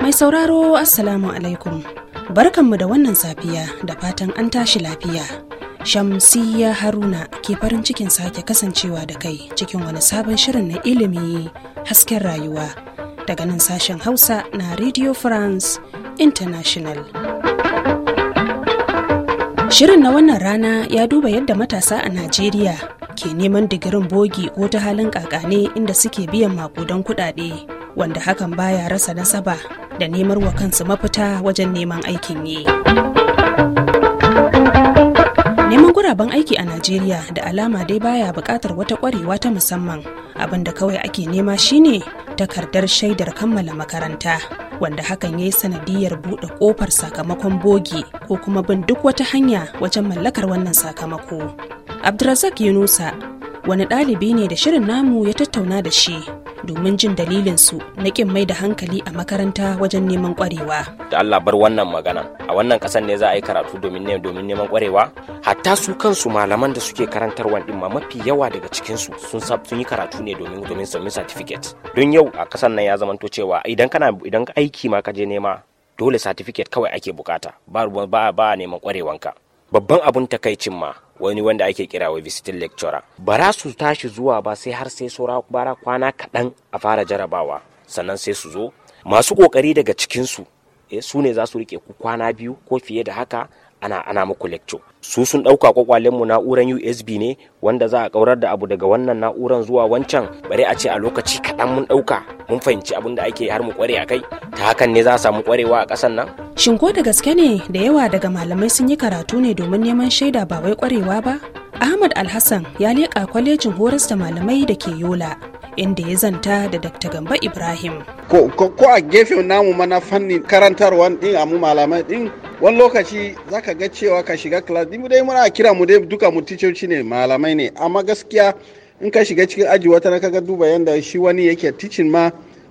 Mai sauraro Assalamu alaikum. Barkanmu da wannan safiya da fatan an tashi lafiya. Shamsiyya Haruna ke farin cikin sake kasancewa da kai cikin wani sabon shirin na ilimi hasken rayuwa daga nan sashen Hausa na Radio France International. Shirin na wannan rana ya duba yadda matasa a Najeriya ke neman digirin bogi ko ta halin kakane inda suke biyan makudan kudade, wanda hakan baya rasa nasaba da nemar wa kansu mafita wajen neman aikin yi. Neman guraben aiki a Najeriya da alama dai baya bukatar wata kwarewa ta musamman abin da kawai ake nema shine takardar shaidar kammala makaranta wanda hakan ya yi sanadiyar buɗe ƙofar sakamakon bogi ko kuma bin duk wata hanya wajen mallakar wannan sakamako abdulrazak yunusa wani ɗalibi ne da shirin namu ya tattauna da shi domin jin su na kin mai da hankali a makaranta wajen neman kwarewa Da Allah bar wannan magana a wannan kasan ne za a yi karatu domin domin neman kwarewa Hatta su kansu malaman da suke karantar wani ma mafi yawa daga cikinsu sun sun yi karatu ne domin domin samun certificate. Don yau a kasan nan ya zamanto cewa idan kana idan aiki ma ka je nema dole certificate kawai ake bukata ba ba, ba neman kwarewanka. Babban abun takaicin ma wani wanda ake kira wa visiting lecturer ba za su tashi zuwa ba sai har sai saura bara kwana kaɗan a fara jarabawa sannan sai su zo masu ƙoƙari daga cikinsu Eh, su ne za su rike ku kwana biyu ko fiye da haka ana ana muku lecture su sun dauka kwakwalen mu na'uran USB ne wanda za a kaurar da abu daga wannan na'uran zuwa wancan bare a ce a lokaci kaɗan mun dauka mun fahimci abin da ake har mu kware a kai ta hakan ne za a samu kwarewa a ƙasan nan shin ko da gaske ne da yawa daga malamai sun yi karatu ne domin neman shaida ba wai kwarewa ba Ahmad Alhassan ya leƙa kwalejin horas da malamai da ke Yola inda ya zanta da Dr. Gamba Ibrahim. Ko, a gefen namu mana fannin karantarwa din a mu malamai din wani lokaci za ka ga cewa ka shiga class din dai muna kira mu dai duka mu ticoci ne malamai ne amma gaskiya in ka shiga cikin aji wata na kaga duba yanda shi wani yake teaching ma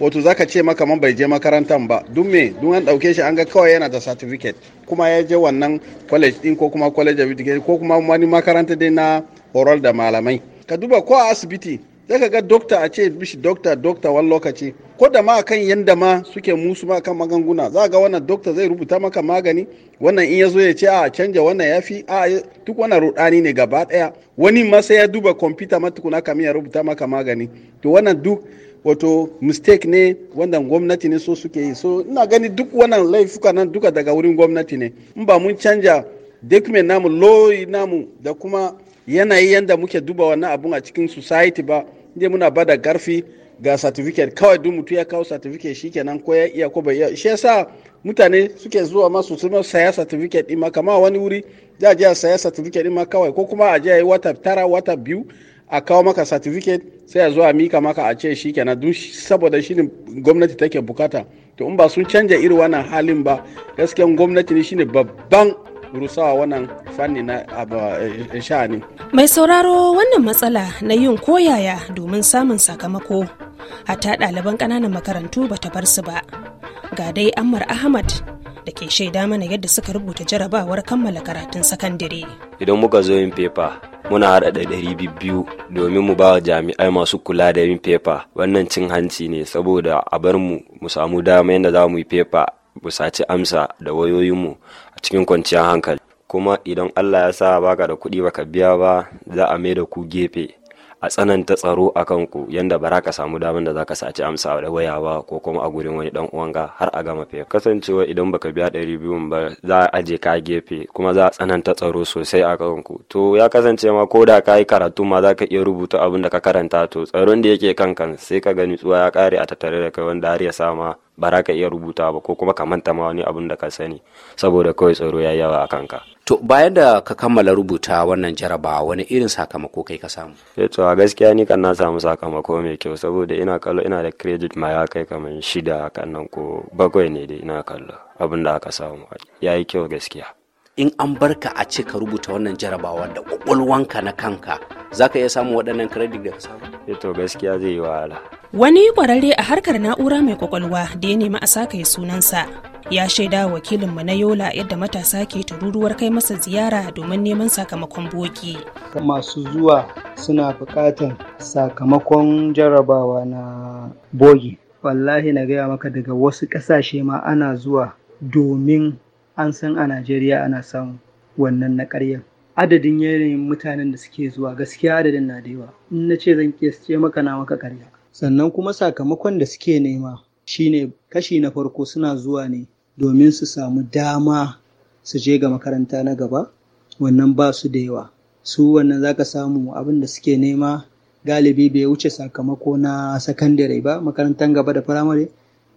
wato za ka ce maka man bai je makarantar ba duk me dun an dauke shi an ga kawai yana da certificate kuma ya je wannan college din ko kuma college of education ko kuma wani makaranta dai na horar da malamai ka duba ko a asibiti sai ka ga dokta a ce mishi dokta dokta wani lokaci ko da ma kan yanda ma suke musu ma kan magunguna za ga wannan dokta zai rubuta maka magani wannan in ya zo ya ce a canja wannan ya fi a duk wannan rudani ne gaba daya wani ma ya duba kwamfuta ma tukuna kamin ya rubuta maka magani to wannan duk wato mistake ne wannan gwamnati ne so suke yi so ina gani duk wannan laifuka nan duka daga wurin gwamnati ne in ba mun canja document namu law namu da kuma yanayi yadda muke duba wannan abun a cikin society ba inda muna bada garfi ga certificate kawai duk mutum ya kawo certificate shikenan ko ya iya ko bai iya shi yasa mutane suke zuwa ma su suna saya certificate din ma kama wani wuri za a je a saya certificate din ma kawai ko kuma a je a yi wata tara wata biyu a kawo maka certificate sai a zo a mika maka a ce shikenan duk saboda shi ne gwamnati take bukata to in ba sun canja irin wannan halin ba gaskiyan gwamnati ne shine babban rusawa wannan fanni na eh, sha'ani. Mai sauraro wannan matsala na yin koyaya domin samun sakamako. Hata ɗaliban ƙananan makarantu ba ta bar su ba. Ga dai Ammar Ahmad da ke shaida mana yadda suka rubuta jarabawar kammala karatun sakandare. Idan muka zo yin fefa, muna haɗa ɗari biyu domin mu ba wa jami'ai masu kula da yin fefa. Wannan cin hanci ne saboda a bar mu mu samu dama yadda za mu yi fefa mu saci amsa da wayoyinmu cikin kwanciyar hankali kuma idan allah ya sa baka da kuɗi baka biya ba za a mai da ku gefe a tsananta tsaro a kanku yadda ba ka samu damar da za ka saci amsa da wayawa ko kuma a gurin wani dan uwanka har a gama fiye kasancewa idan baka biya ɗari biyun ba za a aje ka gefe kuma za a tsananta tsaro sosai a kanku to ya kasance ma ko da ka yi karatu ma za ka iya rubuta abin da ka karanta to tsaron da yake kankan sai ka gani tsuwa ya kare a tattare da kai wanda har ya sama ba ka iya rubuta ba ko kuma ka manta ma wani abin da ka sani saboda kawai tsaro ya yawa a kanka to bayan da ka kammala rubuta wannan jaraba wani irin sakamako kai ka samu eh to a gaskiya ni kan na samu sakamako mai kyau saboda ina kallo ina da credit ma ya kai kamar shida kan nan ko bakwai ne dai ina kallo abin da aka samu ya yi kyau gaskiya in an barka a ce ka rubuta wannan jarabawa da kwakwalwanka na kanka za ka iya samu waɗannan kredit da ka samu? Eh to gaskiya zai yi wahala. Wani kwararre a harkar na'ura mai kwakwalwa da ya nemi a sa sunansa ya shaida wakilinmu na yola yadda matasa ke tururuwar kai masa ziyara domin neman sakamakon boki masu zuwa suna buƙatan sakamakon jarabawa na bogi wallahi na gaya maka daga wasu ƙasashe ma ana zuwa domin an san a najeriya ana samu wannan na karyar. adadin yanayin mutanen da suke zuwa gaskiya adadin na da yawa in na ce zan ce maka na maka ƙarya sannan kuma sakamakon da suke nema shine kashi na farko suna zuwa ne domin su samu dama su je ga makaranta na gaba wannan ba su da yawa su wannan za ka samu abin da suke nema galibi bai wuce sakamako na sakandare ba makarantar gaba da firamare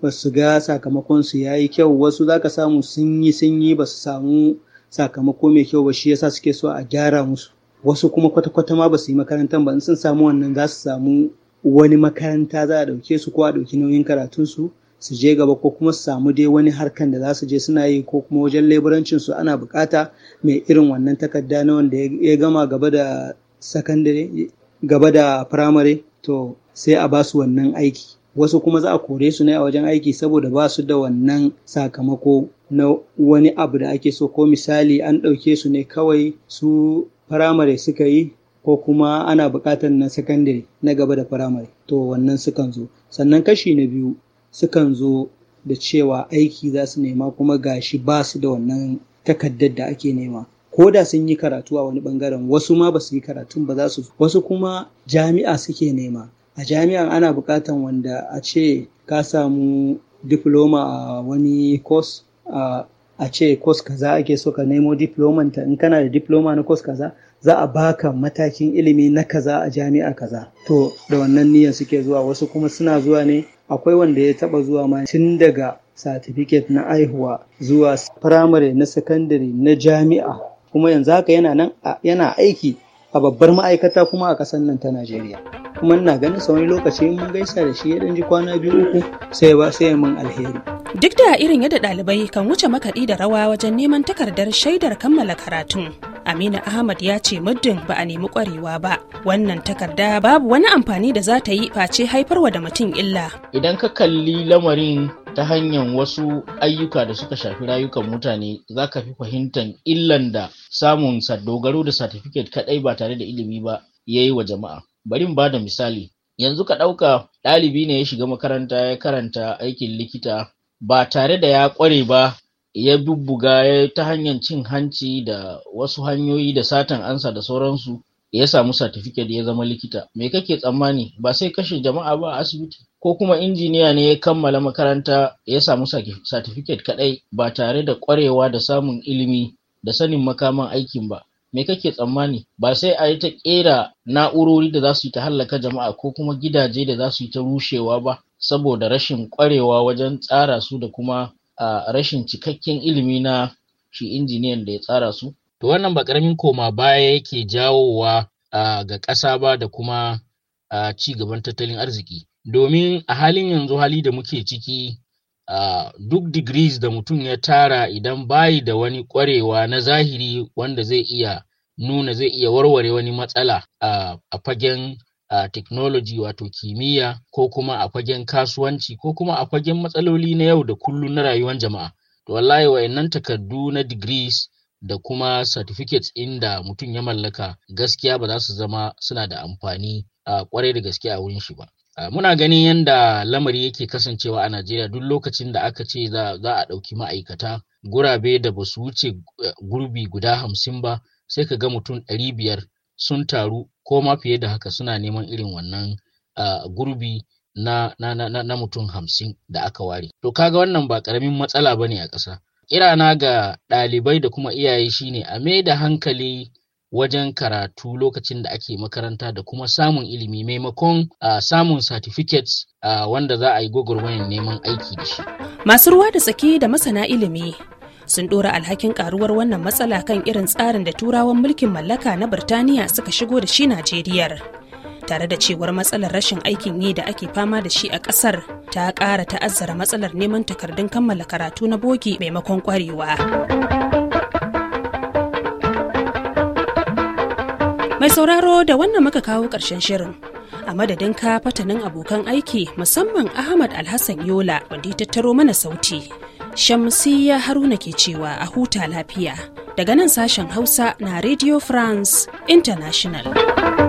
ba su ga sakamakon su yi kyau wasu za ka samu sun yi sun yi ba su samu sakamako mai kyau ba shi yasa suke so a gyara musu wasu kuma kwata-kwata ma ba su yi makarantar ba in sun samu wannan za su samu wani makaranta za a ɗauke su ko a ɗauki nauyin karatun su. su je gaba ko kuma su samu dai wani harkan da za su je suna yi ko kuma wajen leburancin su ana bukata mai irin wannan takarda na wanda ya gama gaba da sakandare gaba da firamare to sai a ba su wannan aiki wasu kuma za a kore su ne a wajen aiki saboda ba su da wannan sakamako na wani abu da ake so ko misali an ɗauke su ne kawai su firamare suka yi ko kuma ana buƙatar na sakandare na gaba da firamare to wannan sukan zo sannan kashi na biyu sukan zo da cewa aiki za su nema kuma gashi ba su da wannan takaddar da ake nema ko da sun yi karatu a wani bangaren wasu ma ba su yi karatun ba za su wasu kuma jami'a suke nema a jami'a ana bukatan wanda a ce ka samu diploma a wani course a a ce kwas kaza ake so ka nemo diplomanta. ta in kana da diploma na kwas kaza za a baka matakin ilimi na kaza a jami'a kaza to da wannan niyyar suke zuwa wasu kuma suna zuwa ne akwai wanda ya taba zuwa ma tun daga certificate na aihuwa zuwa primary na secondary na jami'a kuma yanzu haka yana nan yana aiki a babbar ma'aikata kuma a ƙasar nan ta Najeriya. Kuma ina ganin sa wani lokaci in mun gaisa da shi ya ɗan ji kwana biyu uku sai ba sai mun alheri. Duk da irin yadda ɗalibai kan wuce makaɗi da rawa wajen neman takardar shaidar kammala karatun. Aminu Ahmad ya ce muddin ba a nemi ƙwarewa ba, wannan takarda babu wani amfani da za ta yi face haifarwa da mutum illa. Idan ka kalli lamarin ta hanyar wasu ayyuka da suka shafi rayukan mutane za ka fi fahimtar illan da samun dogaro da satifiket kaɗai ba tare da ilimi ba ya yi wa jama'a. Bari ba da misali, yanzu ka ɗauka ɗalibi ne ya shiga makaranta ya karanta aikin likita ba tare da ya ƙware ba ya bubbuga ya ta hanyar cin hanci da wasu hanyoyi da satan ansa da sauransu ya samu satifiket ya zama likita. Me kake tsammani ba sai kashe jama'a ba a asibiti? ko kuma injiniya ne ya kammala makaranta ya samu satifiket kaɗai ba tare da kwarewa da samun ilimi da sanin makaman aikin ba. Me kake tsammani ba sai a yi ta ƙera na'urori da za su yi ta hallaka jama'a ko kuma gidaje da za su yi ta rushewa ba saboda rashin kwarewa wajen tsara su da kuma a rashin cikakken ilimi na shi injiniyan da ya tsara su? To wannan ba karamin koma baya yake jawowa ga ƙasa ba da kuma ci gaban tattalin arziki. domin a halin yanzu hali da muke ciki uh, duk degrees da mutum ya tara idan bayi da wani kwarewa na zahiri wanda zai iya nuna zai iya warware wani matsala uh, a fagen uh, technology wato kimiyya ko kuma a fagen kasuwanci ko kuma a fagen matsaloli na yau da kullum na rayuwar jama'a to wallahi wayannan takardu na degrees da kuma certificates inda mutum ya mallaka gaskiya ba za su zama suna da amfani a kwarai da gaske a wurin shi ba Ah, muna ganin yadda lamari yake kasancewa a najeriya duk lokacin da aka ce za a ɗauki ma'aikata gurabe da ba su wuce eh, gurbi guda hamsin ba sai ka ga mutum ɗari biyar sun taru ko ma fiye da haka suna neman irin wannan ah, gurbi na, na, na, na mutum hamsin da aka ware to kaga wannan ba ƙaramin matsala ba ne a ƙasa kirana ga ɗalibai da kuma iyaye shine a mai da hankali wajen karatu lokacin da ake makaranta da kuma samun ilimi maimakon uh, samun certificates uh, wanda za a yi gwagwarmayar neman aiki da shi. Masu ruwa da tsaki da masana ilimi sun ɗora alhakin karuwar wannan matsala kan irin tsarin da turawan mulkin mallaka na Birtaniya suka shigo da shi Najeriyar. Tare da cewar matsalar rashin aikin yi da ake fama da shi a ƙasar ta ƙara ta'azzara matsalar neman takardun kammala karatu na bogi maimakon ƙwarewa. Mai sauraro da wannan muka kawo ƙarshen shirin. A madadin ka fatanin abokan aiki musamman Ahmad Alhassan Yola wanda ya tattaro mana sauti. Shamsiyya Haruna ke cewa a huta lafiya daga nan sashen Hausa na Radio France International.